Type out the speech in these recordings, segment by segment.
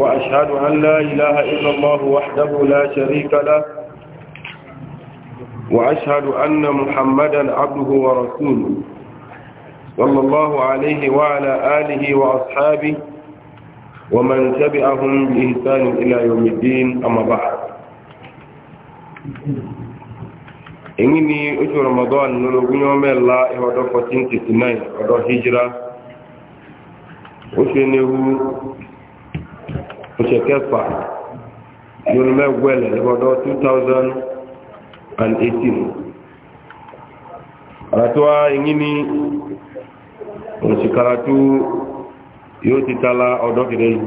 وأشهد أن لا إله إلا الله وحده لا شريك له وأشهد أن محمدا عبده ورسوله صلى الله عليه وعلى آله وأصحابه ومن تبعهم بإحسان إلى يوم الدين أما بعد إني أشهر رمضان نلقي يوم الله إهدى 1499 أدى هجرة أشهر oṣù kẹfà lónìí mẹ́gbẹ́lẹ̀ lọ́dọ̀ 2018 àràtọ́wà yìí ni oṣù karatu yóò ti tala ọ̀dọ́ kìdẹ́ yìí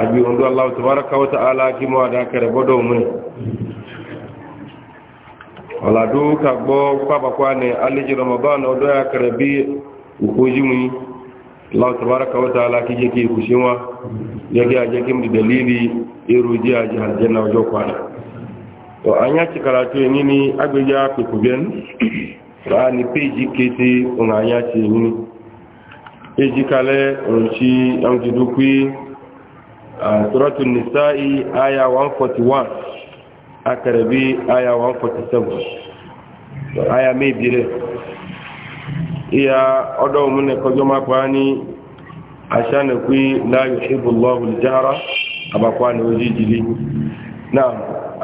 àbí ọdún aláwọ̀ tàbárakà wata aláàkí mọ́ àdákẹrẹ bọ́dọ̀ mìí ọ̀làdó kàgbọ́ pàpàkwá ní alẹ́jì ramadan ọdọ́ àkẹrẹ bí òkójú mìí Allah tabaraka wa ta'ala kije ke kushinwa yake aje kim da dalili iruji aje aljanna wajo kwana to an ya ci karatu nini agbeja ku kuben ni peji kete on an ya ci nini peji kale on ci an jidukui suratul nisa'i aya 141 akarabi aya 147 aya mai bire iya ọdọ́ mú ní kọjọ́ máa pa ní àṣà nà pé láyò ṣíbùlọ́wù jára àbàkwà ní ojú ìjìlé náà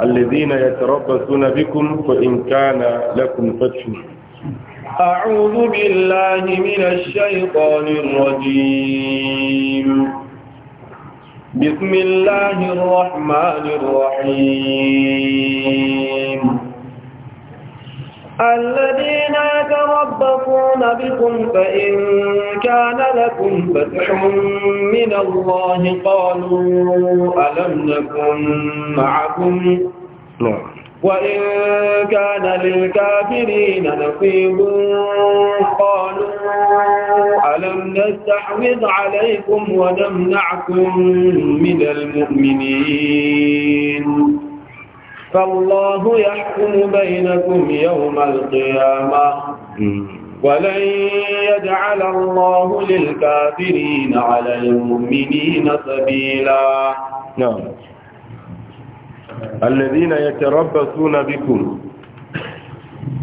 alèzínà yà tọrọpọ̀ súnà bíkún fọ ìǹkánà lẹ́kùn fẹ́tù أعوذ بالله من الشيطان الرجيم بسم الله الرحمن الرحيم الذين يتربصون بكم فإن كان لكم فتح من الله قالوا ألم نكن معكم نعم. وإن كان للكافرين نصيب قالوا ألم نستحوذ عليكم ونمنعكم من المؤمنين فالله يحكم بينكم يوم القيامة ولن يجعل الله للكافرين على المؤمنين سبيلا نعم الذين يتربصون بكم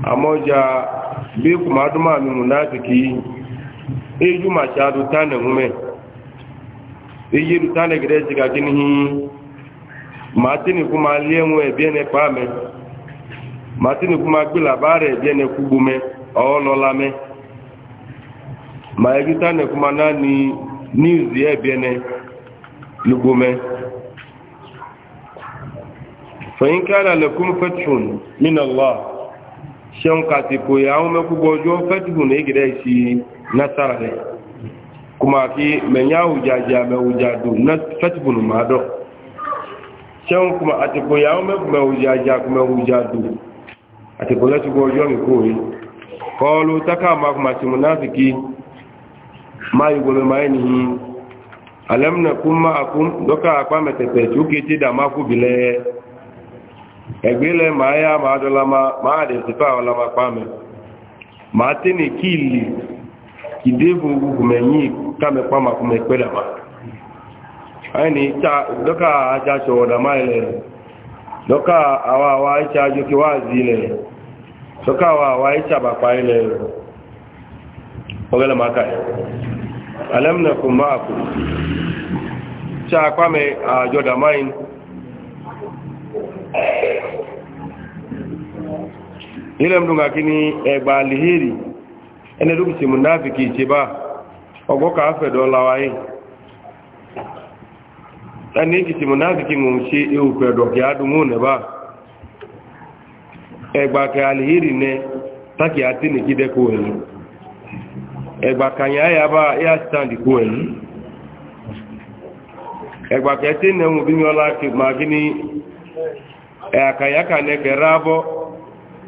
أموجا بكم أدمى من منافقين إيجو ما شادو تانهم إيجو تانك ريسك أجنهي matini kuma lienwe kuma gbila bare ebiene kugume me ma egitane kuma nani news ebiene lugume فإن كان لكم فتح من الله شن كاتيكو يا أمي كوجو فتح نيجريشي نصره كما كي من يا وجاجا ما وجادو نس فتح ما دو sẹ́wọ́n kuma àtìkò yàwó mẹ́kùnmẹ́ òjì ajá kùnmẹ́ òjì àdó àtìkò lẹ́tùkọ́ ọjọ́ nìkó rí kọlu taka makuma ti munafiki ma yi gome ma yi nihi alamna kun ma akun dọ́ka apá mẹ́tẹ̀tẹ̀ tí ó kéte dà máa sí fà máa pàmẹ́ máa tẹ́ ní kíìlì ìdébò gbogbo mẹ́yìn kámẹ́pá makuma aini ta doka aja cho da maile doka awa wa aja jo ki wazi le doka wa wa aja ba pa ile ogala maka alam na kuma aku cha kwa me ajo da main ile mdunga kini egba lihiri ene duki munafiki chiba ogoka afedo lawai ɗane kiti munafikin umse ewu pedo adumu ne ba egba ke alheri ne taki ati ni kide ko elu egba kanya ya ba ya stand ko elu egba ke ti ne mu bi yola ki magini e akaya ka ne ke rabo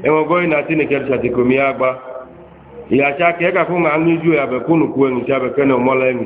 e mo goyi na ti ne ke chati ko agba ya cha ke ka ko ngani ju ya be kunu ku en cha be ke ne mo la en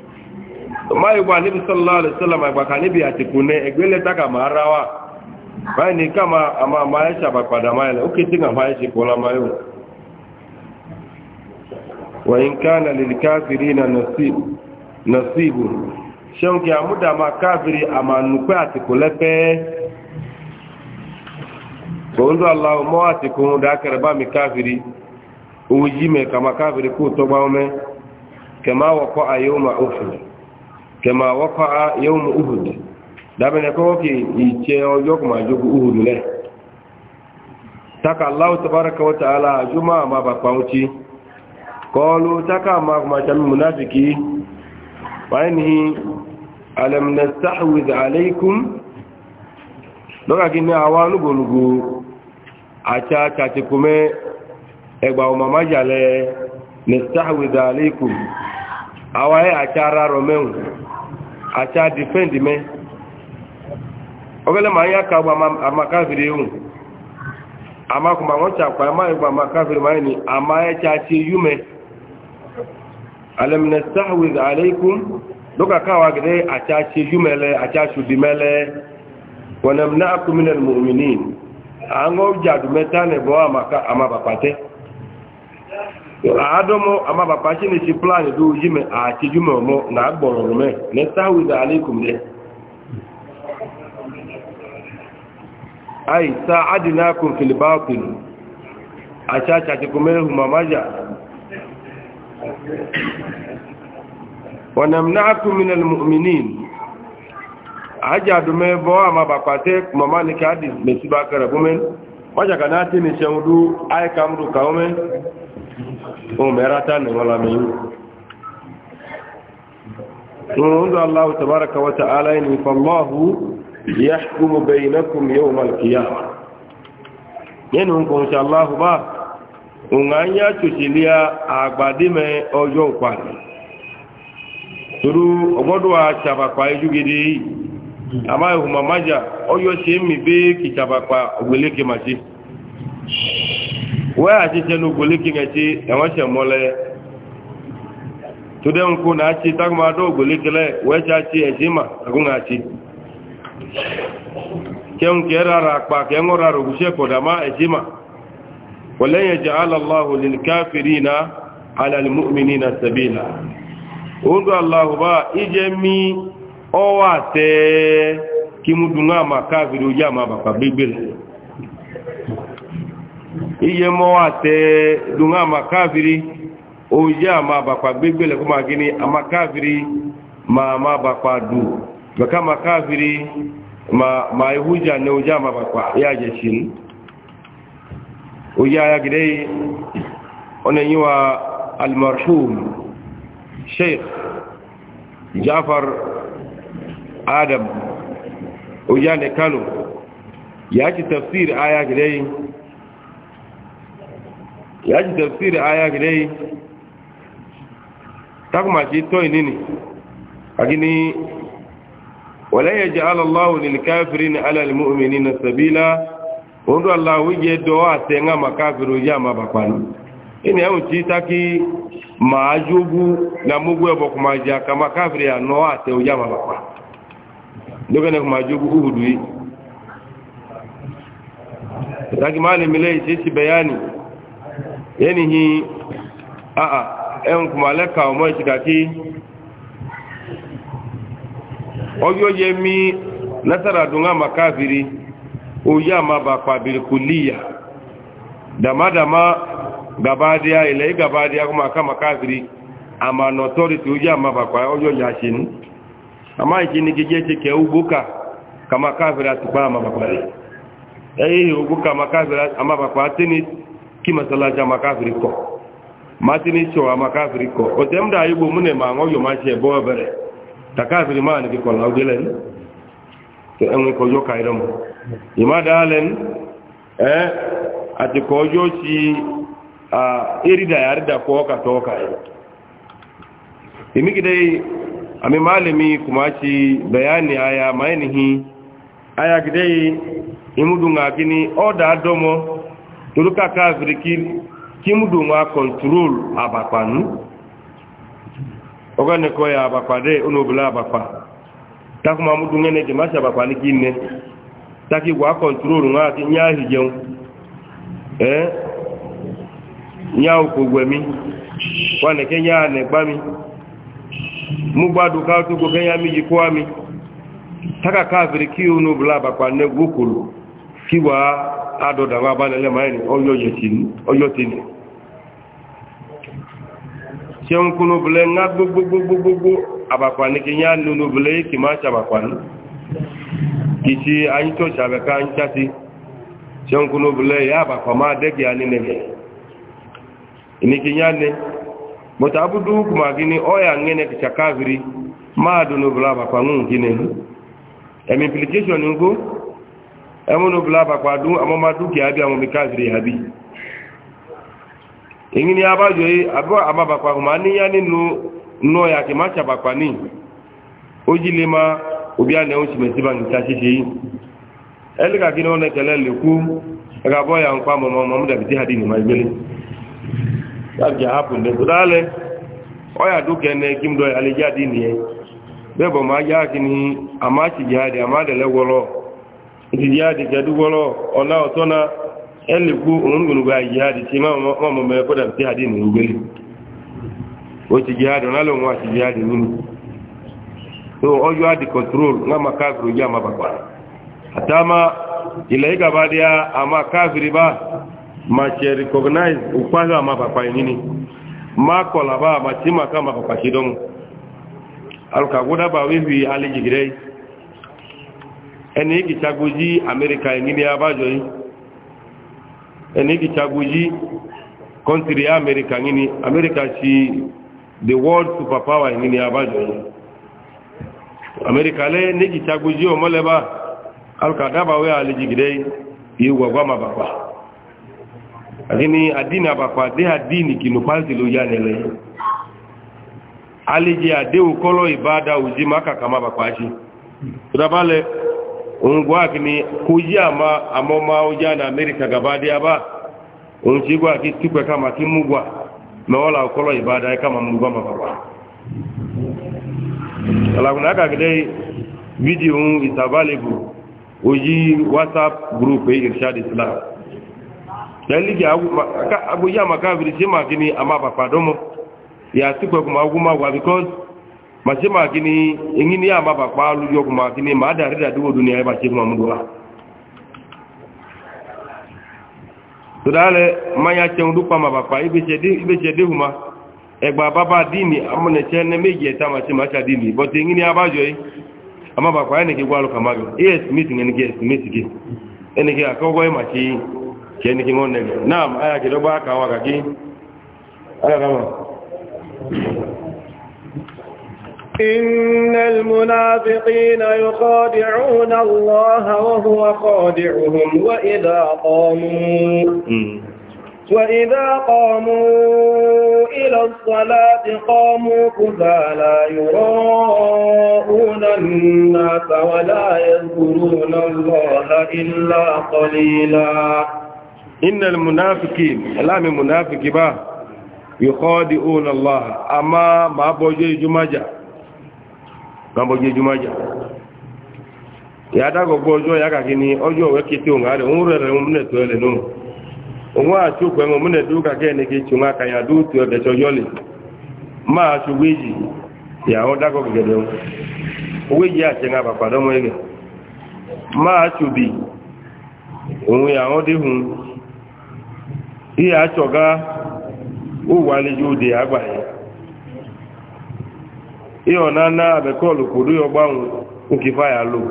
mayi wa nabi sallallahu alaihi wasallam agba ka nabi atikune egbele taka marawa bayi ni kama ama maisha e ba pada maile uki tinga maisha e kola mayo wa in kana lil kafirina nasib nasibu shonki amuda ma kafiri ama nukwe atikulepe bọ́ọ̀lù aláwọ̀ mọ́ àti kún dákẹrẹ bá mi káfìrí owó yí mẹ́ kàmà káfìrí kú tọgbà ọmọ kẹmà wọ̀kọ́ ayé ọmọ òfin kama wafa'a yawm uhud dabene ko ki iche ojo ma jogu uhud le taka allah tabaraka wa taala juma ma ba pauchi qalu taka ma kuma jami munafiki wa inhi alam nastahwiz alaykum doga gini awanu golugu acha cha ti kume egba o mama na nastahwiz alaykum awaye acha raro meun àtà dìfẹ́ǹdì mẹ́ ọgẹ́lẹ́ ma ń yá ka gba àmàkáfìrí ohun àmàkùnmà wọ́n tàpá àmàkùnmà àmàkáfìrí máa ní àmà ẹ̀kẹ́ àti eyú mẹ́ alẹ́mìnẹ̀sáwìz àlẹ́ikún lókàkáwà gẹ́gẹ́ àti àti eyú mẹ́lẹ́ àti àṣùdì mẹ́lẹ́ wọ̀nàmìnà àkúmìnà mọ̀mìnì àwọn ọjà dùmẹ́ta nẹ̀bọ́ àmàbàpàtẹ́ adomo ama baba chineke plan do yime a tijume mo na agboro me ne tawi da alaikum ne ai sa'adnakum fil batil acha cha tikume humamaja wa namna'akum min al mu'minin aja dume bo ama baba te mama ne ka di mesiba kare gumen waja kana tini shaudu ai kamru kaume. ohun mẹ́ra tá ní wọ́la mẹ́yìn ohun da allahu tabaraka wa ta'ala ni ya hukumu bainakum yau malkiya ohun ya ṣòṣìlẹ̀ àgbàdìmẹ̀ ọjọ́ ìpàdé turu ọgbọ́dọ̀ àṣàbàpá ijú gidi àmáyé ohun ọyọ́ ṣe ń mi ògbélékè weghachite n'ogboliki ga-echi enweche mole tụde nkwụ na achi tagụmada ogbolikele eh? wee chachi ejima agụghachi kenke rara akpa ka enwụ rara ogwuche kodama ma. wale nye ji alallahu lilkafirina alalmu'minina sabila odu allahu ba ije mi ọwa tee kí mu dunga ma káfìrí ojú àmà bàbá iye mọ́ àtẹ dunga àmà káàfìrí oye àmà àbàpà gbégbélẹ̀ kó máa gíní àmà káàfìrí ma àmà àbàpà dù bẹ̀ká àmà káàfìrí ma ihújà ní oye àmà àbàpà yá jẹ sí ní oye ayagidẹ́ yìí ọ̀nà yìí wa almarhum sheikh jafar adam oye àni kano yà ti tafsir ayagidẹ́ yìí ya ji tafsiri aya gidai ta kuma ce toyi nini a gini wale ya ji alallahu lilkafiri na alal mu'mini na sabila wanda allah wuje dowa sai nga makafiru ya ma bakwani ina yawon ci taki ma ajugu na mugu ya kuma ja ka makafiri ya nowa sai ya ma bakwani dogane kuma ajugu uhudu yi taki malamin bayani yẹni hi aa ẹn e, kuma lẹka ọmọ ìsìkàkí ọjọ yẹ mi nasara dunga makafiri oyi ama ba kpabiri kuliya damadama gabaadiya ilẹ̀ yi gabaadiya kuma aka makafiri ama nọtọriti e, oyi ama ba kpa ọjọ yẹ aṣeni ama ìkíni gẹ́gẹ́ ti kẹ ugbóka ka makafiri atukpa ama ba kpari ẹyẹ ugbóka makafiri ama ba kpa tenis kí masalaja makafiri kọ matini tso amakafiri kọ ọtẹ mu daa yigbo mu ne ma ŋɔ yọ ma tiɛ bɔ ɛbɛrɛ takafiri maa nigi kɔ la o de lɛ nu tɛ ɛŋu kɔjɔ ka yi dɛ mo yima daa lɛ nu ɛ ati si a erida yarida kɔ ka tɔ ka yi emigide ami maalemi kuma si bayani aya mayanihi aya gide imudu ŋa kini ɔdaa dɔmɔ toluka káfíìrì kí kí mú dùn wá kọ̀ntúrólù àbàpà nù ọgọ́nìkọ́ yà àbàpà dé onóbìlà àbàpà takuma mú dùn ẹni dìmáṣà àbàpà ní kí nẹ taki wá kọ̀ntúrólù wọn àti nyá àhìjẹun ẹ eh? nyá òkògbẹ̀mí wọn nìkẹ́ nyá ànẹ̀gbámi mú gbádùn ká tó gbogbo ẹ̀yà mi yìí kó mi taka káfíìrì kí onóbìlà àbàpà nẹ gbókòlò kí wàá. àdọ̀dàwà bá lẹ́lẹ́ máa ní ọyọ́ tẹ́lẹ̀. ṣe ń kú lóbulẹ̀ ńlá gbogbogbogbogbogbo àbàkwàní kí yá lóbulẹ̀ kí máa ṣàbàkwàní kì sí ayíkọ̀ ṣàbẹ̀ká ń ṣ ẹ̀mí implication ní ń kó ẹmúnú bilabakpa dún àmọ́má dúkìá bí àwọn mikaziri àbí èyí ni abájọ yìí àbọ́ àmàbàkpa kùmà níyà nínú nọ́ọ̀yà kì má sàbàkpa ní ó jí lè má òbí àná ẹ̀hún sìmẹ̀sì bá nìta ṣíṣe yìí ẹlẹ́ka kí ni wọ́n nẹ́kẹ̀lẹ́ lè kú ẹ̀ka bọ́ ya ńpa mọ̀ mọ̀ dàbí tí hadi nìmá ìgbélé sábìjà hapun dẹ̀ tó dálẹ̀ ọ̀yà dúkẹ́ ní kí n dọ̀ yà lè jáde nìyẹn bẹ́ẹ̀ jihadi jadugolo ona otona eliku onungunu ga jihadi ti mama mama me ko da jihadi ni ngeli o ti jihadi ona lo wa ti jihadi ni so ojo adi control na makafiri ya mabakwa atama ilaika badia ama kafiri ba ma che upaza mabakwa nini makola ba matima kama kwa shidomu alukaguda ba wivi alijigirei ẹni ìkìtagójí amẹ́ríkà ìgbìmí abájọ yìí ẹni ìkìtagójí kọ́ntìrì amẹ́ríkà ìgbìmí amẹ́ríkà sí the world superpower ìgbìmí abájọ yìí amẹ́ríkà lẹ́ ní ìkìtagójí ọmọlẹ́bá alkadábàwé àlejìgìdẹ́ ìwọ̀gbá ma bàbá àti ní àdínà àbàpà dé àdínì kìnnù pàǹtì ló yá nílẹ̀ alejì àdéhùn kọ́lọ́ ìbáadà òjì má kàkà má bàbá ṣe ungwaki ni ma amoma ujana amerika gabadia ba unchigwa kitukwe kama kimugwa mawala ukolo ibada kama mugwa mababa ala kuna aka video un is available uji whatsapp group e irshad islam dalili ya abu ya makabiri sema kini ama papadomo ya tukwe kuma aguma because mace ma gini in yi niya ma ba kwalu kuma gini ma da rida dubu duniya ya bace kuma muduwa to da ale manya ce hudu kwa ma ba ibe ce di huma egba eh, baba dini amune ce ne meji eta ma ce dini yi niya ba joyi amma ba kama iya smith ne smith ke ke ke na aya إن المنافقين يخادعون الله وهو خادعهم وإذا قاموا وإذا قاموا إلى الصلاة قاموا كفالا يراءون الناس ولا يذكرون الله إلا قليلا إن المنافقين الآن المنافق با يخادعون الله أما ما بوجه جمجة kamboje jumaja ya dago gojo ya kaki ni ojo we kiti unga ale unure re umne tuele no unwa achu kwe umne duka ke ni kichunga du ma achu wiji ya o dago gede wiji ya chenga papa do mwege ma ya o di ịghọna na bekọlụ kwuru ya ọgbanwe nkifaya lụ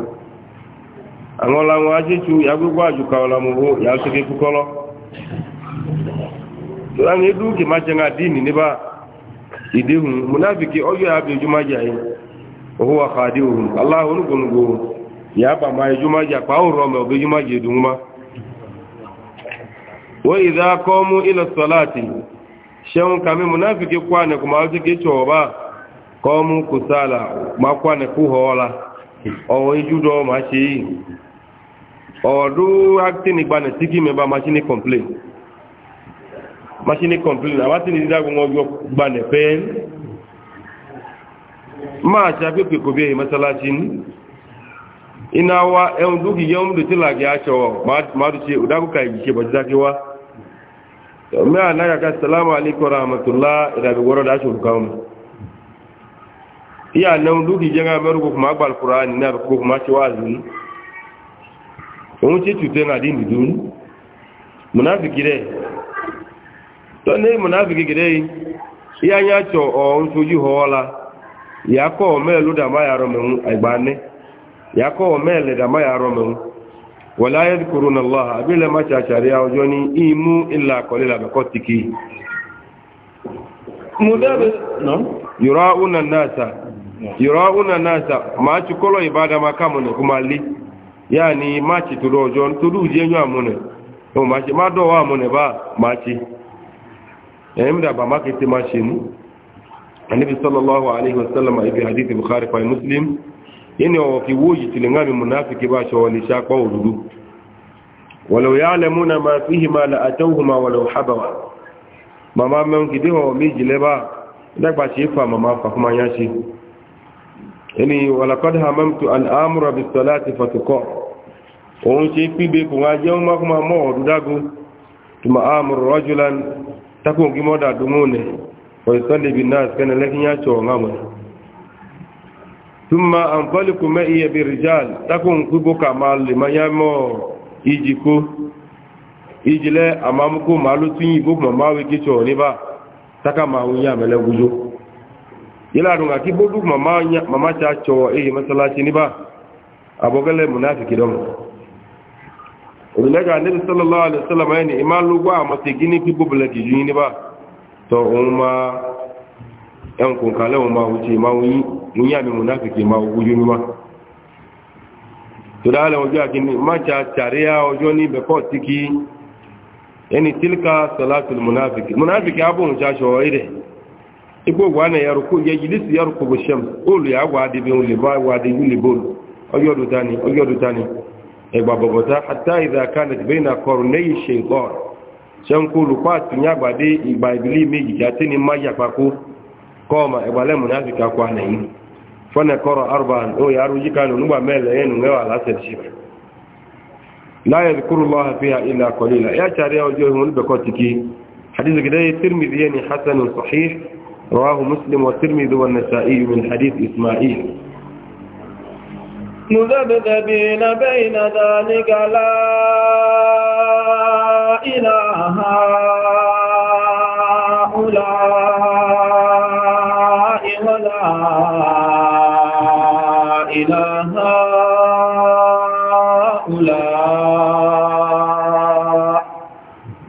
aṅụla nwa ajịchụ ya gwụgwọ ajụkọla ọla hụ ya sụgị kwukọlọ tụlana edu ke macha nga dini n'ebe a idihun munafiki ọjọ ya bụ ejumaji anyị ohuwa khadi ohun allah onugonugo ya ba ma ejumaji akpa ụrọ ma ọbụ ejumaji edunwuma wa idha qamu ila salati shawun kami munafiki kwane kuma ajike choba kọmu kusala makwane kuhola ọwọ ijudo ma ṣe yìí ọdú actini gbanẹ tí kí mẹba machine complain machine complain àwọn tí ní dídágun ọjọ́ gbanẹ pẹ́ máa ṣe agbègbè kò bí i mẹ́sálásí ní iná wa ẹun dúkì yẹun lè tí làgẹ́ aṣọ máa dùn ṣe òdágùkà ìyíṣẹ́ bọ̀jídákí wá mẹ́ àná yàká sàlámà alíkọ̀ọ́ra àmọ̀tòlá ìdàgbẹ̀wọ́rọ̀ dáṣọ̀ òrùka ọmọ iya nan duki jenga baru ko kuma gbal qur'ani na ko kuma ci wazin on ci tute na din dun munafiki re to ne munafiki gire iya nya cho o on soju hola ya ko melu da ma yaro mun agbane ya ko mele da ma yaro mun wala yadhkuruna allah abila ma cha sharia ojoni imu illa qalila bi qatiki mudabe no yura'una nasa yurauna nasa maci kolo ibada makamu ne kuma li yani maci turo jon tudu je nyu amune o maci ma do wa amune ba maci em da ba makiti maci mu annabi sallallahu alaihi wasallam ibi hadith bukhari fa muslim yani o fi wuji tilingami munafiki ba cho wali sha kwa ududu walau ya'lamuna ma fihi ma la atawhuma walau habawa mama men kidiho mi jileba dagba ci fa mama fa kuma yashi ẹni walakad hamamtu an amura bi salati fatukọ òun ṣe píbe kò wá jẹun má kúmà mọ́ ọ̀dún dágún tuma amur rajulan takun kí mọ́dà dúnmọ́ nẹ ọ̀sánlẹ̀ bí náà sẹ́nà lẹ́kínyà ṣọ̀ mọ́ tuma anfaliku mẹ́ iye bi rijal takun kí bókà máa lè má yá mọ́ ìjì kó ìjìlẹ̀ àmàmúkó màálù tún yìí bókà ila dunga ki bodu mama mama cha cho eh masalaci ni ba abogale munafiki don ulega nabi sallallahu alaihi wasallam yani imalu gwa masigini ki bubule ki yini ba to umma yan ma munafiki ma ni ma to dala ojo akini ma cha charia ni tiki tilka munafiki munafiki abun igbo gwa na ya ruku ya jilisi ya ruku shem olu ya gwa adibi uli ba gwa adibi uli bolu oyodu tani oyodu tani egba bobota hatta idha kanat baina qarnay shaytan shem kulu pa tinya gba de igba ibili meji ja tini maya pako koma egba le munafika kwa na yi fana qara arba'an o ya ruji kanu nuba mele yenu ngewa la setshi la yadhkuru allah fiha illa qalila ya chari ojo hun be kotiki hadith gidai tirmidhi yani hasan sahih رواه مسلم والترمذي والنسائي من حديث إسماعيل مذبذبين بين ذلك لا إله هؤلاء ولا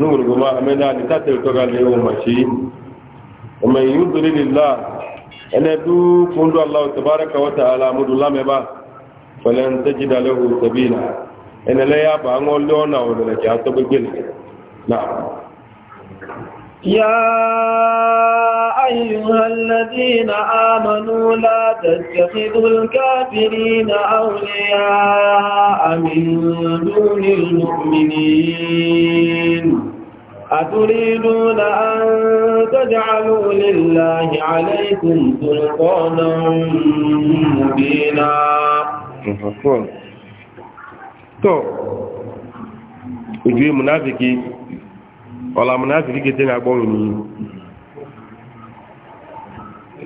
نور ما أمنا لتاتي تغال يوم ماشي ومن يضلل الله أنا دو كنت الله تبارك وتعالى مد الله مبا فلن تجد له سبيلا أنا لا يابا أقول لنا ولا لا نعم يا أيها الذين آمنوا لا تتخذوا الكافرين أولياء من دون المؤمنين أتريدون أن تجعلوا لله عليكم سلطانا مبينا تو ojú ìmúnáfikí ọ̀la mùnáfìrí kété ní agbọ́rùn ní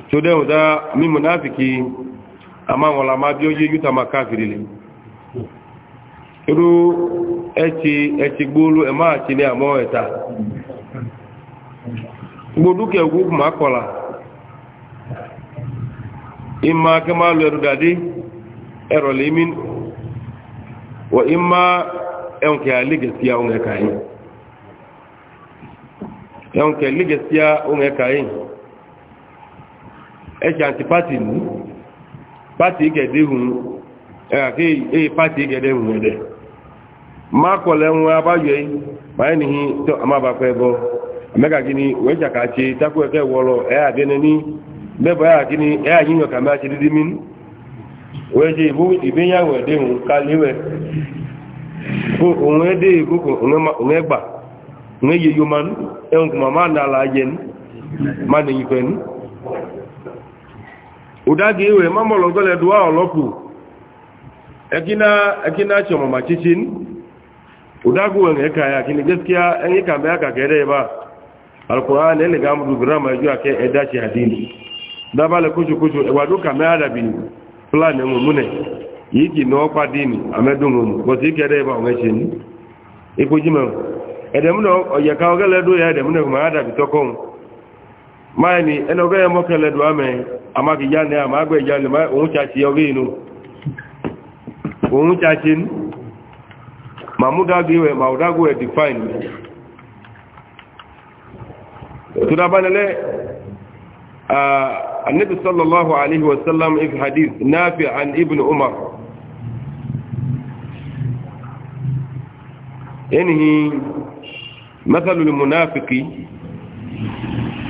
tó dẹ̀ ọ̀dá mí mùnáfìkí a máa wọ̀la máa bí ó yé yúta máa káfìrí lè irú ẹ̀tì gbóòlù ẹ̀ máa ti ní àmọ́ ẹ̀ta gbòdúkẹ̀ ogun máa kọ̀la ìmá kẹ́ máa lọ ẹ̀rù dàdé ẹ̀rọ̀ lè mí àwọn ẹ̀ka yìí e kelli gaskiya ohun ya kayi ẹ̀kì antipati ní pati ìgẹ̀dẹ̀ ihun ẹ̀kì èyí pati ìgẹ̀dẹ̀ ihun ẹ̀dẹ̀ ma ń wọ́n abájọ́ yìí ma nìyí tó amábàfẹ́ bọ́ amẹ́ka gini wọ́n jàkà ṣe takú ẹ̀kẹ́ wọ́lọ ẹ̀ àdẹ́nẹ́ ní bẹ́bọ̀ ẹ̀ àgini ẹ̀ àyíyàn àti dídí fún òun ìkókò òun ẹgbà òun yomanu ẹun kùmà máa nà àlà ayẹ ní máa nìyí fẹ́ ní òdági ìwẹ̀ mọ́mọ̀lọ́ gọ́lẹ̀ duwa ọlọ́pù ẹkíná ṣọmọ̀mà títí ní òdági ìwẹ̀ ẹ̀ka ya kí ni gẹ́síkíá ẹ̀yìn kàmẹ́ àkàkẹ́rẹ́ bá alkùnrin ẹ̀lẹ̀ gàmùdù gírámà ẹjọ́ akẹ́ ẹ̀dá ṣe àdínì dábàlẹ̀ kóṣokóṣo ẹ̀wàdó kàmẹ́ àdàbìnì fúlàní ọmọ múnẹ̀ yìí kì ní ọ́pá dínì àmẹ́dùn ọmọ bọ̀sí kẹ́rẹ́ bá edemuna ọ̀yẹ̀ ká ọgẹ́ lẹ́dọ́ ya edemuna kò máa dàbí tọ́kọ́ máa ní ẹni ọgẹ́ yẹ mọ́kẹ́ lẹ́dọ́ ní àmàgbẹ̀ ìyá lè òun ṣàṣe ọgẹ́ inú òun ṣàṣe ní màmúdágbéwẹ̀ màúdágbéwẹ̀ define tudabanilẹ́ sallallahu alaihi wasallam if hadith nafi an ibn umar مثل المنافق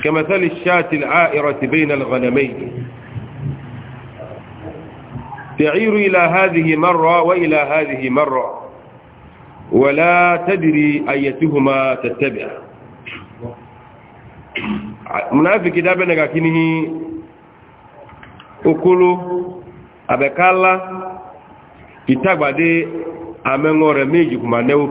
كمثل الشاة العائرة بين الغنمين تعير إلى هذه مرة وإلى هذه مرة ولا تدري أيتهما تتبع منافق ده بنغا كيني okolo abekala itagbade amengore meji kuma newo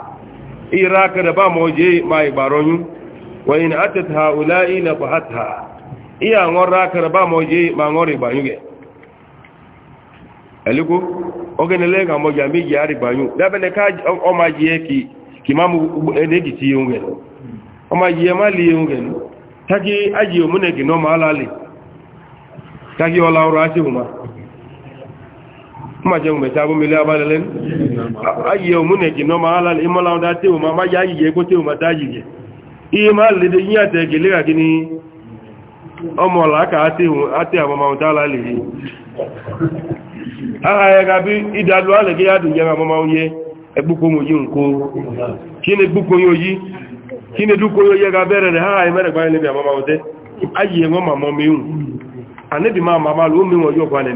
ira ka da ba moje mai baronyu wa in atat haula'i la bahatha iya ngor ra ka da ba moje ma ngori banyuge aliku ogene le ga moja mi ji ari banyu da bene ka o ma ji eki kimamu ene gi ti yunge o ma ji e ma li yunge taki aji o munegi no ma lali taki ola ora ti huma ma jẹun mẹta bó mẹlẹ abá lẹlẹ ayé o múnẹ jìnà máa lálẹ ìmọ́lá ọdá tí o máa má yáyì yẹ kó tí o máa dáyì yẹ iye máa lè yí àtẹ gẹ̀lẹ́ àti ní ọmọ làákà àti àwọn ọmọ ọdá aha ya gabi ìdàlú alẹ̀ kí yàdùn yẹ ọmọ yẹ ẹgbùkọ mọ̀ yí nǹkó kí ni gbùkọ yóò yí kí ni dúkọ yóò yẹ ga bẹ́rẹ̀ rẹ̀ ha ẹmẹ́rẹ̀ gbáyé níbi àwọn ọmọ ọdẹ ayé wọn màmọ́ mi hùn àníbi máa màmá lómi wọn yọ̀kọ̀ alẹ̀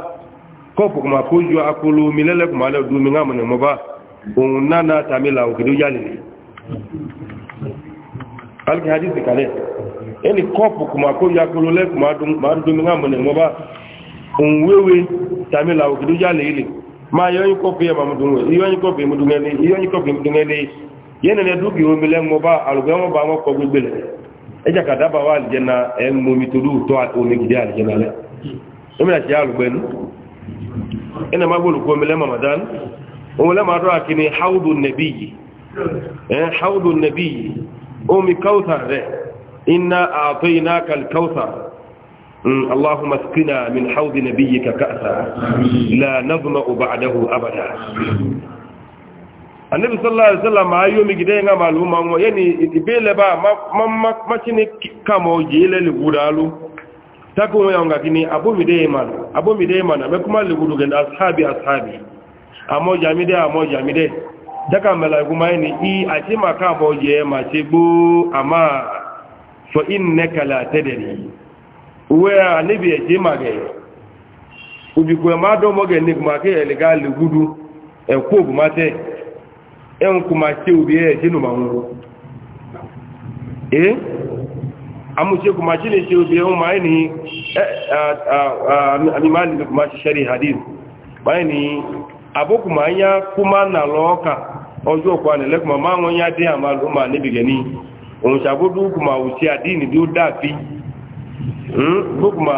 kɔpu kuma ko jɔ akolo mi lɛlɛ kuma lɛ du òun nana tami òkèdè yali ni aliki hadisi kalẹ ɛni kɔpu kuma ko jɔ akolo lɛ kuma du mi ŋa mɔnɛ mɔba òun wewe tami la òkèdè yali ni ma yɔnyi kɔpu yɛ mamu dunwe yɔnyi kɔpu yɛ mu dunwe ni yɔnyi kɔpu yɛ mu dunwe ni yɛn nana du ki omi lɛ mɔba alugbe wa alijɛ na ɛŋmomi to du tɔ omi gidi alijɛ na lɛ ɛmɛ na ti ina magulu ko mi lema madan o mi lema roa kini haudun nabiyyi eh haudun nabiyyi o mi kautar re inna a'tainaka al-kautsar اللهم اسقنا من حوض نبيك كأسا لا نظمأ بعده أبدا annabi sallallahu alaihi wasallam ayo mi gide nga maluma ngo yani ibele ba ma ma ma chini kamo jile li gudalu takuma yonga kini abu abu abomide imana abomide imana mekuma legudu gen ashabi ashabi amoja mide amoja mide daka mala kuma ni i achi maka aboje ma chegbo ama fa innaka la tadri we anibi eji mage ubi ko ma do moge ni kuma ke elega legudu e ku oguma te en kuma che ubi e jinu manwo eh amu che kuma chile che ubi e o mai ni Eh, eh, eh, animali da kuma shari hadis bayan ni aboku ma ya kuma na loka ojo kwa ne lekuma ma won hmm? ya de amalu ma ne bigeni on shagodu kuma uti adini du dafi hmm bukuma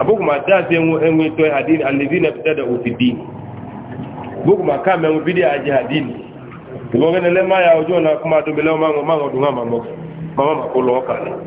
abukuma dafi enwe enwe to hadini alladhina btada uti din bukuma kama enwe bidi aje hadini ibogene lema ya ojo na kuma do bele ma ngo ma ngo dunga ma ngo mama ma ko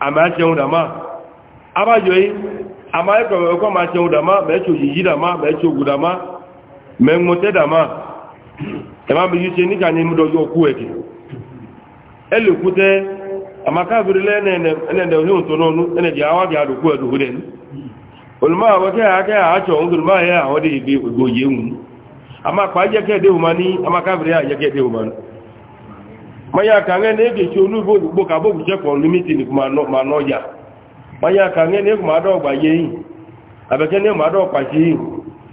àmà jẹun dàmá abájọ yìí àmà ẹ̀kọ́ ma jẹun dàmá mẹ́tò yìí dàmá mẹ́tò ògùn dàmá mẹ́mọ́tẹ́ dàmá ẹ̀má mi yìí ṣe níkà ní múdọ̀jọ́ kú ẹ̀kì ẹ lè kú tẹ́ àmà káàkiri lẹ́nẹ̀ẹ̀dẹ̀ oníhùn tó náà ẹnẹ̀dẹ̀ awági àyẹ́ àwọn àmà pàájẹ́kẹ́ ní àmà káàkiri àyẹ́kẹ́ ní manya ka nge na-egechi ege olugbo gbogbo ka bụ ogwuche kpọrọ limitin ma nọ ya manya ka nge na-egwu mada ọgbaye ihi abeke na mada ọkpachi ihi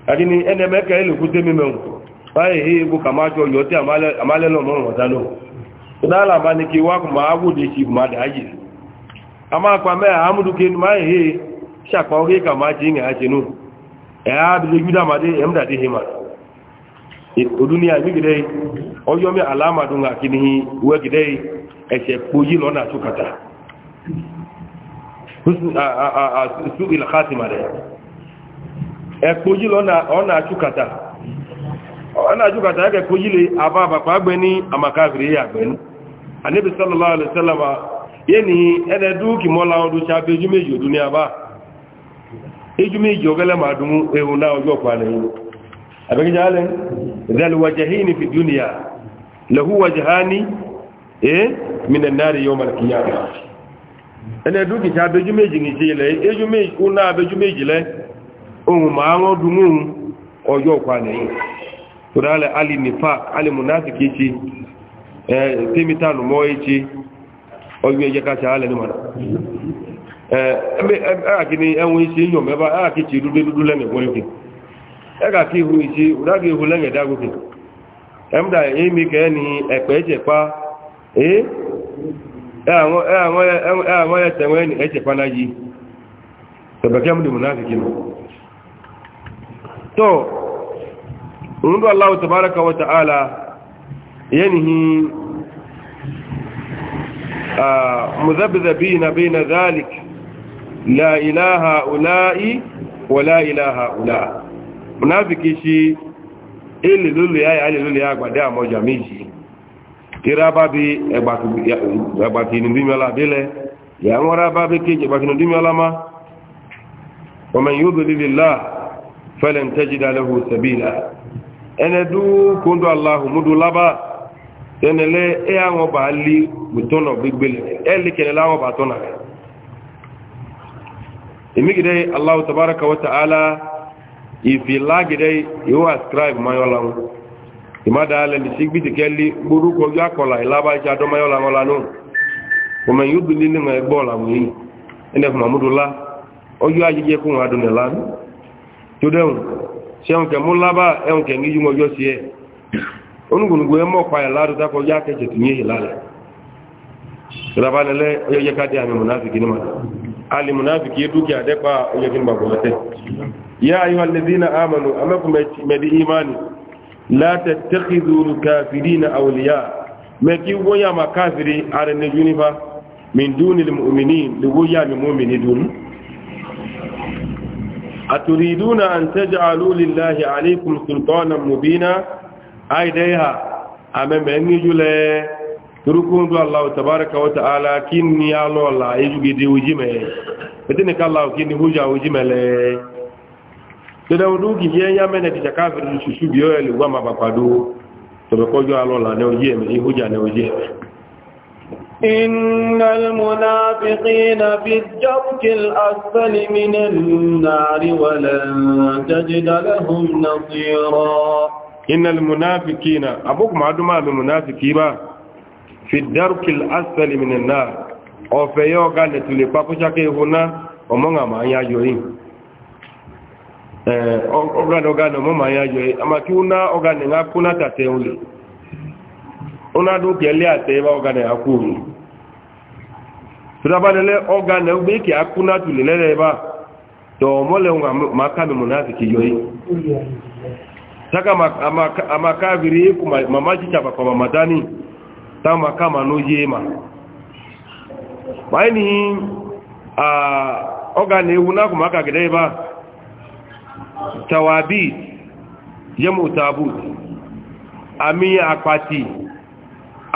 ka gịnị ena-eme ka elekwute ememe ma ya ehe egwu ka ma jụọ ya ote amalele ọmụrụ ọzano ma na kewa akụ ma agwụ dị iche ma da ayi ama akpa mee ha ke ma ya ehe shakpa ka ma chi ihe ha chenu ya e bido juda ma dị ma oduniya mi gidei oyo mi alama dunga kinihi we gidei ese poyi lona sukata husn a a a su il khatima de e poyi lona ona sukata ona sukata ke poyi le ababa pagbe ni amakaviri ya gbe ni anabi sallallahu alaihi wasallam yeni ene du ki mola odu cha beju meji oduniya ba eju meji ogele ma dunu ehun na ojo pa ni abegejale zal wajhain fi dunya lahu wajhani eh min an yawm al-qiyamah ene du ki ta beju meji ni ti le eju meji beju meji le ohun ma ojo kwa ni ali ali munafiki ti eh temi tanu mo ichi oyo je ka sha ale ni mana eh akini enwe isi yo meba akichi dudu dudu le ni ko ẹ̀ka kí ihu ìṣe òdágbé ihu lẹ́yìn dágókè ẹ̀mdà èémi kẹ́ ni ẹ̀pẹ́ ẹ̀jẹ̀pá ẹ́ àwọn ẹ̀tẹ̀wọ̀n ẹni ẹ̀jẹ̀pá náà yìí tẹ̀bẹ̀kẹ́ múlùmù náà fi kìnnà tó òun munafiki shi ele lulu ya ya lulu ya gbade amoja meji kira babi egbati ni dimiola bile ya nwara babi keji egbati ni dimiola ma ومن يضلل الله فلن تجد له سبيلا ene du kundu allahu mudu laba ene le e awon ba e li mutono gbegbele e le kele lawon ba tona emi gide allah tabaaraka ifilagide eh, iwo ascribe mayola ŋu imada alɛ nisi gbiti kɛli gburu kɔju akɔla ilaba itsi adɔ mayola ŋu la nu kɔmɛ yi obi lili ŋa gbɔ la ŋu yi ɛnɛ fuma mu do la ɔju ayidie ko ŋa do ne la to de ŋu sɛŋ kɛ mu laba ɛŋ e kɛ ŋi yi ŋu ɔjɔ seɛ onugunugu ɛmɔ kpa yi la do ta kɔju akɛ tsetu nye yi la lɛ siraba ne kadi ami munafiki ne ma ali munafiki edu kia dɛ kpa ɔyɔ kini ba يا أيها الذين آمنوا أمكم مدي إيماني لا تتخذوا الكافرين أولياء مكي ويا ما كافري على النجونفة من دون المؤمنين لويا المؤمنين دون أتريدون أن تجعلوا لله عليكم سلطانا مبينا أي ديها أما من يجل تركون الله تبارك وتعالى كني الله الله يجب دي وجمه فتنك الله كني هجا وجمه ليه tẹ́lẹ̀ ọdún kì yẹ́ yá mẹ́nẹ̀ tìjà káàfìrí ṣùṣù bí ó ẹ̀ lè wá máa pàpàdó tọ̀bẹ̀kọ́jọ́ alọ́là ní ojí ẹ̀mẹ̀ ìhújà ní ojí ẹ̀mẹ̀ إن المنافقين في الدرك الأسفل من النار ولن تجد لهم نصيرا إن المنافقين أبوك معدوما المنافقين في الدرك الأسفل من النار أو في يوغا نتلقى فشاكي هنا ومنا ما يجوين ọgana eh, ọgana ọmọma ya jọ amaki una ọgana ya kú látàtẹ olè una dókè lé àtẹ ẹbá ọgana ya kú omi tọ́lábánilẹ́ ọgana ọgbẹ́ kí a kú látùlẹ̀ lẹ́rẹ̀ ẹbá tọ́ ọmọlẹ́wọ̀n àmàkàmì mọ̀nàfíkì yọ yìí saka amakaviri kú mama jíjà pàpà mama dání táwọn makama ló yé ma wáyé ni ọgana ewu náà kò má kàgẹ́dẹ́ ẹbá tawabit jẹ́mù tabut àmì àpàtì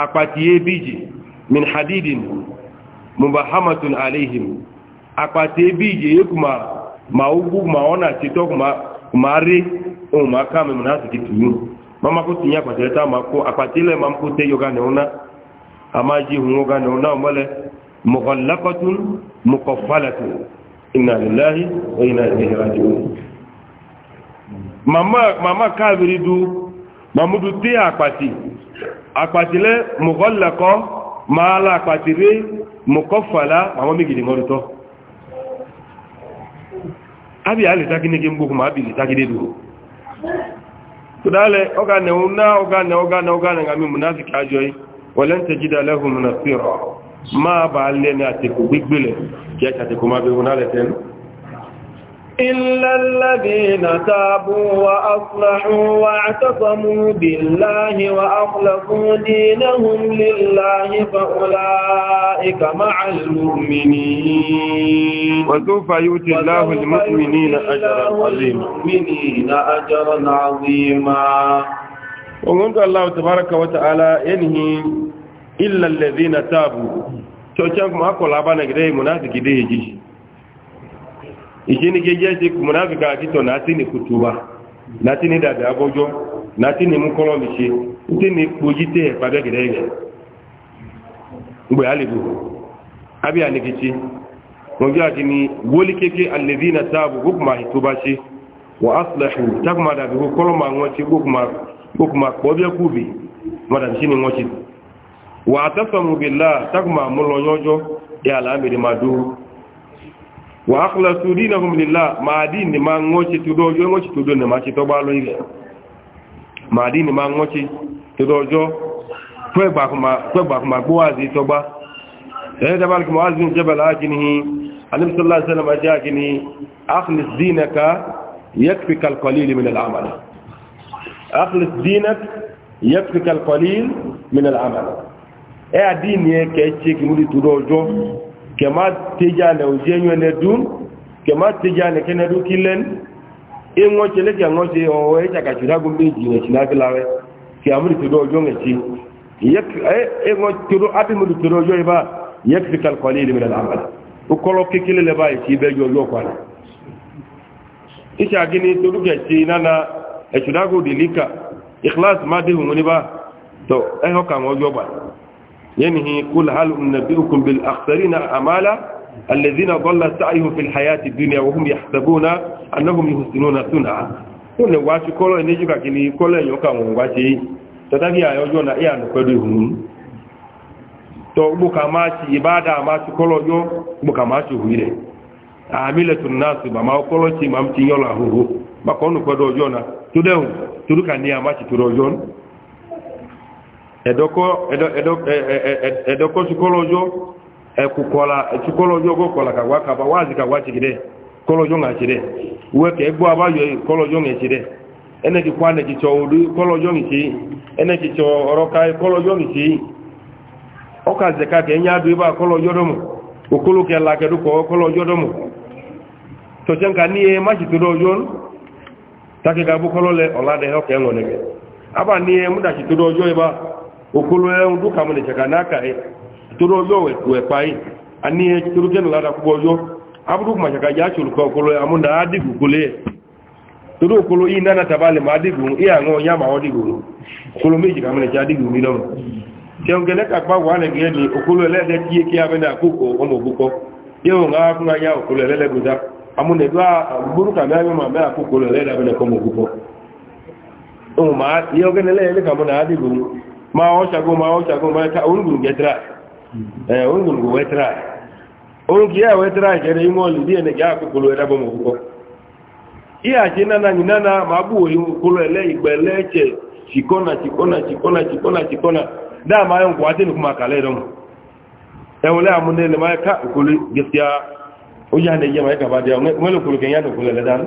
àpàtì ebíjì min hadidin mubahamatun alaihim àpàtì ebíjì yìí kuma ma ugbu ma ọ̀nà títọ́ kuma rí ohun ma ká mẹ́mù náà sì ti tùyún mama ko tinya kwa tata ma ko apati le mam ko te yoga ne ona amaji hungo ga ne mole mughallaqatun muqaffalatun inna lillahi wa inna ilaihi raji'un mama mama kabiri du mamudu tí àpàtì àpàtì lẹ́ mọ̀kọ́lẹ̀kọ́ máa la àpàtì rí mọ̀kọ́fàlá àwọn méjìdì mọ́rù Abi ábí a lè tákíníkí gbogbo ma ábí lè tákíní dùn tó dálẹ̀ ọgánẹ̀ ọ̀nà ọgánẹ̀ ọgánẹ̀ ọgánẹ̀ àmì munafik ajọ́ wọlẹ́n tẹjídà lẹ́hùn munafik rọ̀ máa bá lẹ́ni àtẹkù gbígbélẹ̀ kí ẹ إلا الذين تابوا وأصلحوا واعتصموا بالله وأخلصوا دينهم لله فأولئك مع المؤمنين وسوف يؤتي الله المؤمنين أجرا عظيما المؤمنين أجرا عظيما ومنذ الله تبارك وتعالى ينهي إلا الذين تابوا توشانكم أقول أبانا قديه منافق قديه ìṣẹ́ni jẹ́jẹ́ ṣe kù mọ́nàfíkà àtìtọ̀ láti ní kùtùbà láti ní dàdà abọ́jọ́ láti ní mú kọ́lọ́ mi ṣe tí ní pojí tẹ́ ẹ̀ pàdẹ́gẹ̀dẹ́ rẹ̀ gbé àlebò abẹ́ ànikìtì wọ́n bí àti ní wólí kéèké àlèdí na sáàbù gbókùnmá ìtòbá ṣe wọ́n áṣìlẹ̀ṣù tákùnmá dàbí kọ́lọ́mà wa akhlasu dinahum lillah ma din ni ma ngochi tudo jo ngochi tudo ne ma chi to balo ile ma din eh, ni ma ngochi tudo jo fwe ba kuma fwe ba kuma gbo azi to ba eh da bal kuma azin jabal ajinihi annabi sallallahu alaihi wasallam ajini akhlis dinaka yakfika alqalil min al'amal akhlis dinak yakfika alqalil min al'amal eh adin ye ke chi ki mudi tudo jo kema teja ne ujenyo ne dun kema teja ne kene du kilen e ngo chele ke ngo je o e chaka chura gumbi ji ne china kilawe ke amri to do jonge chi yek e ngo tiro abi mu tiro jo ba yakfikal qalil min al amal u kolo ke kile le ba ti e be jo jo kwala isha gini to du ke chi nana e chura go dilika ikhlas ma de hu ni ba to e ho ka ngo jo ba ينهي قل هل ننبئكم بالأخسرين أعمالا الذين ضل سعيهم في الحياة الدنيا وهم يحسبون أنهم يحسنون صنعا كل واشي كل نيجي باكني كل يوكا واشي تدغي ايو جونا اي ان كدو هم تو بوكا ماشي عباده ماشي كل يو بوكا ماشي هويره عامله الناس بما كل شي مامتي يولا هو ما كونو كدو جونا تدو تدو كان يا ماشي تدو جونا edoko e, e, e, chukolojo ekukola chukolojo gokola kagwa kaba wazi kagwa kolojo ngachide uwe ke abayo kolojo ngachide ene ki kwane udu kolojo ngichi ene ki oroka kolojo ngichi okaze ka ke du kolojo domo ukulu ke la ko kolojo domo to chenka ni e machi tudojon take gabu kolole olade hoke aba ni e muda chi okolo ẹ̀hún tó kàmù lè ṣẹ̀kà náà kàí torí ọjọ́ ẹ̀kù ẹ̀pá yìí a ní ẹjọ́ torí kẹ́nù lára púpọ̀ ọjọ́ abúrúkù màṣàkà yá ṣòlùkọ́ okolo amúnà ádìgù kólé ẹ̀ torí okolo yìí náà tàbálẹ̀ máa dìgù ìyá àwọn ọ̀yá máa wọ́n dìgù okolo méjì kàmù lè ṣe ádìgù mi lọ́mọ tẹun gẹ́lẹ́ kàpá wà lẹ́gẹ́ ni okolo ẹlẹ́dẹ́ kí é kí abẹ́dẹ́ àkókò ọmọ òbúkọ yóò ń ha fún aya okolo ẹlẹ́lẹ́gbẹ̀dá amúnẹ̀dọ́ àgbórúkà mẹ́rin ma ọ́ṣàgó ma ọ́ṣàgó ma ẹ́ta oúnjùn gẹ́tìrá ẹ̀ oúnjùn gò wẹ́tìrá oúnjẹ yà wẹ́tìrá ìṣẹ́rẹ̀ imọ́ lùdí ẹ̀nẹ̀ yà kòkòrò ẹ̀dàbọ̀ mọ̀kúkọ́ ìyàṣẹ́ nánà nínánà ma bú òyìn kòkòrò ẹ̀lẹ́ ìgbẹ̀lẹ́ ẹ̀ṣẹ̀ ṣìkọ́nà ṣìkọ́nà ṣìkọ́nà ṣìkọ́nà ṣìkọ́nà dáàmà yọ̀ kò wáṣẹ́ nìkú ma kàlẹ́ ẹ̀dọ́mù ẹ̀wọ̀n lẹ́ àmúnẹ́ lè máa ká òkòlù gẹ̀ẹ́sì ó yà ní ẹ̀yẹ́ máa kàbá dẹ́ mẹ́lẹ̀ òkòlù kẹ̀yà ní òkòlù ẹ̀lẹ́dánú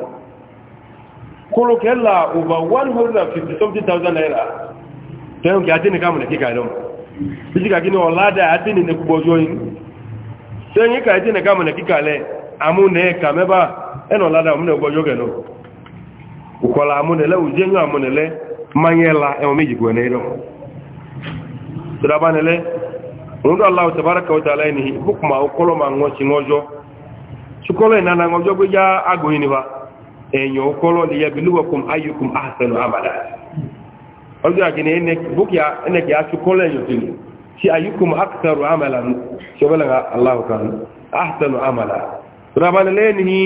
kòlù kẹ́là over one hundred and fifty something thousand naira tẹ́hùn kí àtẹ́nì káàmù nẹ̀kí kàìlọ́m bíjí kàkí ní ọ̀ládà àtẹ́nì ní gbogbo ọjọ́ yìí tẹ́yìn kà àtẹ́nì káàmù nẹ̀kí kàìlẹ̀ àmúnẹ̀ kàmẹ́bà ẹnà ọ̀ládà àmúnẹ̀ gbogbo ọjọ́ kẹ̀lọ́ ukọ̀lá àmúnẹ̀lẹ́ òjẹ́yìn àmúnẹ̀lẹ́ mayẹ́la ẹ̀wọ̀n méjì gbọ́ ẹ̀nẹ́ ìdọ̀ tìrabanẹ̀lẹ́ òun dọ̀ aláwọ̀ tẹ̀bárakà ọjà aláìní bùkùnmá ọkọlọ́ máa na sí ọjọ́ ṣùkọ́lọ́ ìnana ọjọ́ ọjọ́ àgbẹ̀ni ẹnẹ̀kì aṣùkọ́lẹ̀ yòtìlì tí ayíkùn akẹ́rù àmàlà ṣọ́bẹ̀lẹ̀ aláhùkan ahùtẹ̀nù àmàlà rabanilẹ́ ni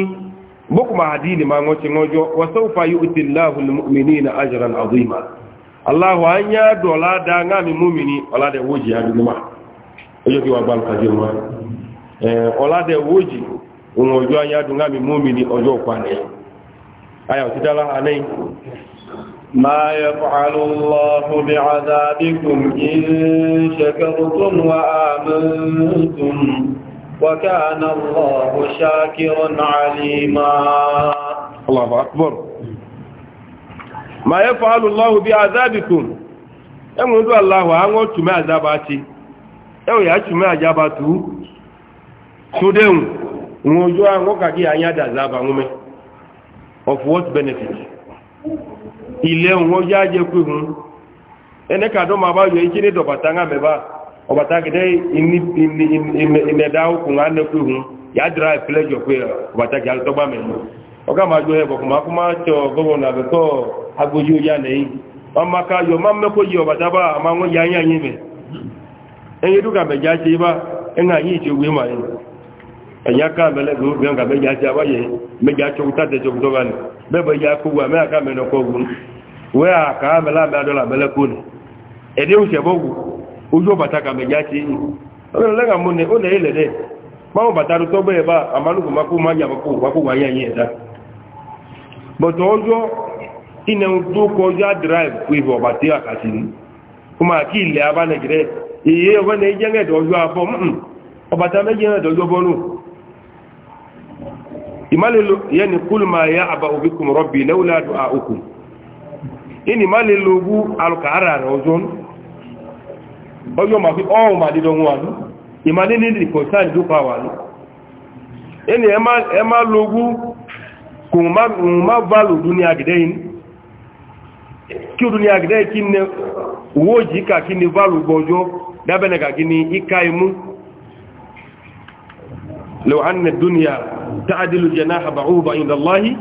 bókùnmà àdínì ma ngọ́ci ngọ́jọ́ wasaufa yi uti láhùn mini na ajiyar azima aláhù an yá dọ̀lá da ngami múmini ọládẹ wójì ya dúnmà ọjọ́ kí wà gbá lùkàjẹ́ wọn ọládẹ wójì òun ọjọ́ ya dún ngami múmini ọjọ́ kwanẹ̀ ayà òtítàlá ما يفعل الله بعذابكم إن شكرتم وآمنتم وكان الله شاكرا عليما الله أكبر ما يفعل الله بعذابكم ẹmù ndú aláwọ̀ àwọn túnmẹ́ àjábá ti ẹwọ̀ yà túnmẹ́ àjábá tó tó déhùn wọn ojú àwọn kàkí àyádà àzábà wọn mẹ́ of what benefit ilé òun yá jẹ́ pé hun ẹni kàdún ma bá yọ ikí ní dọ̀bàtà ń àmẹ́bá ọ̀bàtà kìdẹ́ ìnẹ̀dá okùn á nẹ́pẹ́ hun yá dìrá ìpìlẹ̀jọ pé ọ̀bàtà kìdá tọ́gbà mẹ́rin ọ̀gá ma yọ ẹ̀bọ̀ kò máa kó máa tọ gọ́wọ̀nà àbẹ̀kọ́ agbójú yá nẹ́yìn wọ́n máa ká yọ máa mẹ́kọ́ yọ ọ̀bàtà bá àmà wọn yá mẹ́ dúkà bẹ́bẹ̀ ya kogbo àmì àká mẹ́nàkọ́gbùn wẹ́ ka mẹ́láàmì àdọ́là mẹ́lẹ́kùnù ẹ̀dẹ́ òṣèbọ́gbù ojú ọ̀bàtàkà mẹ́já ti yìí ọ̀rẹ́ lẹ́gà mú ní ó lẹ́yìn lẹ́dẹ́ máwọn bàtà tó tọ́gbẹ́ ẹ̀bá àmàlùkù mákú má ẹ̀dá imalilu yani kul ma aba bikum rabbi laula du'a'ukum ini malilu bu alqara rozon ojo ma fi o ma di don wa ni imani ko sa du pa wa e ma ma valu dunia gidein ki dunia kin woji ka kin valu bojo dabene ka kin ikaimu لو الدنيا تعدل جناح بعوضة عند الله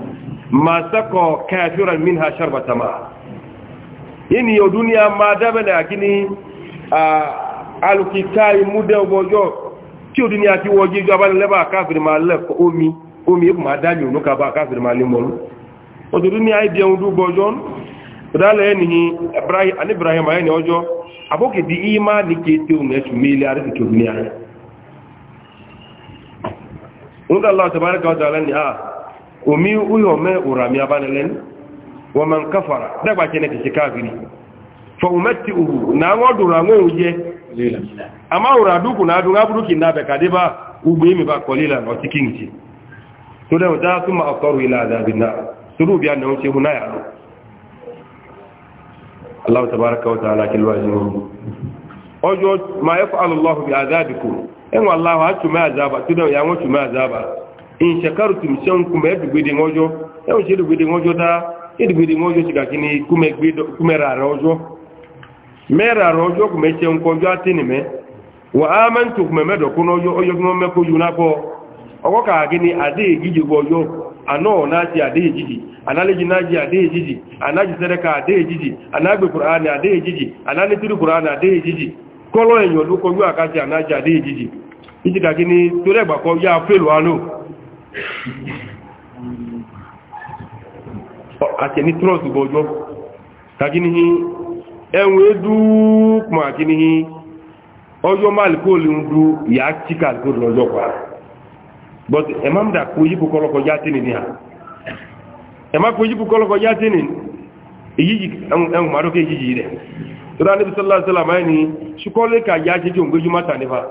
ما سقى كافرا منها شربة ماء ini yo dunia madaba na akini alukikai mude obojo ti o dunia ti woje jo aban leba kafir ma le omi omi ibu madami onu ka ba kafir ma le molu o dunia ibi en du bojon dale ni ibrahim an ibrahim ayani ojo aboke di imani ke ti o ne tumile ari ti dunia nga allah tabaraka wa ta'ala ni a omi uyo me urami abanelen wa man kafara dagba kene ke kafiri fa umatti'uhu na ngodura ngo uje ama uradu kuna adu ngaburu kinabe kadiba ugbe mi ba kolila no tikinji to da ta kuma aqaru ila adabina suru biya na wuce huna ya allah tabaraka wa ta'ala kilwazi ojo ma yaf'alu allah bi adabikum enwe alahụ achụme azaba tụda ya nwe chụme azaba inche karụtum che nkume edugwede nwojọ enweche edugwede nwojọ daa edugwede nwojọ chigakini kumerara ọjọ merara ojo kumeche nkwọ ọjọ atinime wa amantu kumemedọkwu n'ọjọ ọjọ gụmemekwoju n'abọ ọgwọ ka gịnị adịghị gị jigwa ọjọ anọ naji adịghị ejiji analiji naji adịghị ejiji anaji sereka adịghị ejiji anagbe kurani ana ejiji ananitiri kurani adịghị ejiji kọlọ enyo lukọ yóò akaji anaji adịghị jiji ìjì kàkí ní torí ẹ̀gbàkọ́ yá fèlò àánú àti ní trọ́ọ̀sì bọ̀jọ́ kàkí ní ẹ̀wọ̀n edúkùn àti ní ọjọ́ málìkóòlì ń du ìyá lọ́jọ́ pa but ẹ ń dà kó yípo kọ́lọ́kọ́ yá tí nìyà ẹ má kó yípo kọ́lọ́kọ́ yá tí márùkẹ́ rẹ̀ tó níbi sọ́lá sọ́lá máa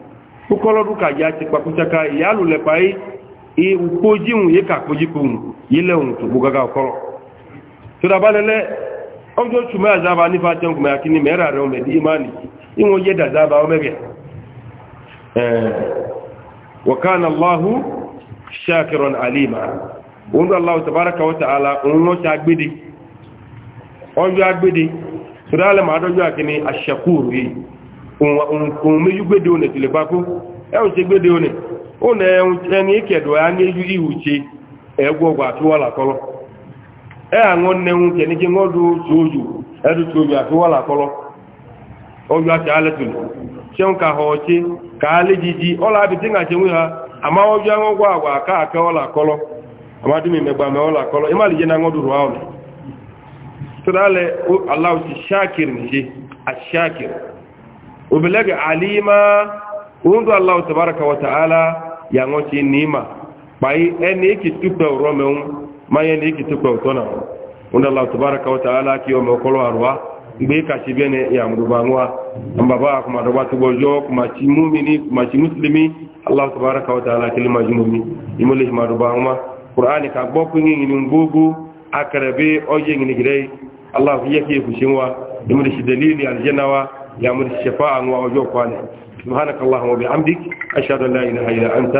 kúkọ́lọ́dún kàjá ti pàkúṣaka ìyálù lẹ́pa yìí ìpójíhùn yìí kàpójíkùn yílẹ̀ ohun tó gbogbo ọkọ́rọ̀ tó dábálẹ́lẹ́ ọjọ́ túnmẹ́ àzába nífà jẹunkùnmẹ́ àkíní mẹ́rà rẹ̀ ọmọ ẹ̀dí ìmáàlì ìwọ̀n yẹ́ dàzába ọmọbẹ̀ wọ̀kánà láhú ṣàkìrọ̀n àlìmà òun ló aláwọ̀ tàbárakà wọ́ta àlà òun ló òun méjú gbéde òun ètò lè pákó ẹ̀hùn ṣe gbéde òun òun ẹni ìkẹ̀dọ̀ á ní ejú ihò ṣe ẹgbọ́gbà àti wọ́là kọ́lọ́ àwọn ka họ̀ ọchị ka alẹ́jìjì ọlá àbí tí ha ama ọjọ́ àwọn ọgbà aka aka ọla kọ́lọ́ àmádùmí mẹ́gbàmẹ́ ọla kọ́lọ́ ịmalije na ngọ́dọ̀ rọ̀ àwọn tó dálẹ̀ aláwọ̀ ti ṣáàkiri obilege alima undu allah tabaraka wa ta'ala ya ngochi nima bai eni kitupe urome un maye ni kitupe utona undu allah tabaraka wa ta'ala ki omo kolo arwa ngbe ka sibene ya mudubangwa ambaba kuma doba tubojo kuma chi mu'mini kuma chi muslimi allah tabaraka wa ta'ala kilima jumumi imule madubangwa qur'ani ni ngugu يا من الشفاعة وأجوك سبحانك اللهم وبحمدك أشهد أن لا إله إلا أنت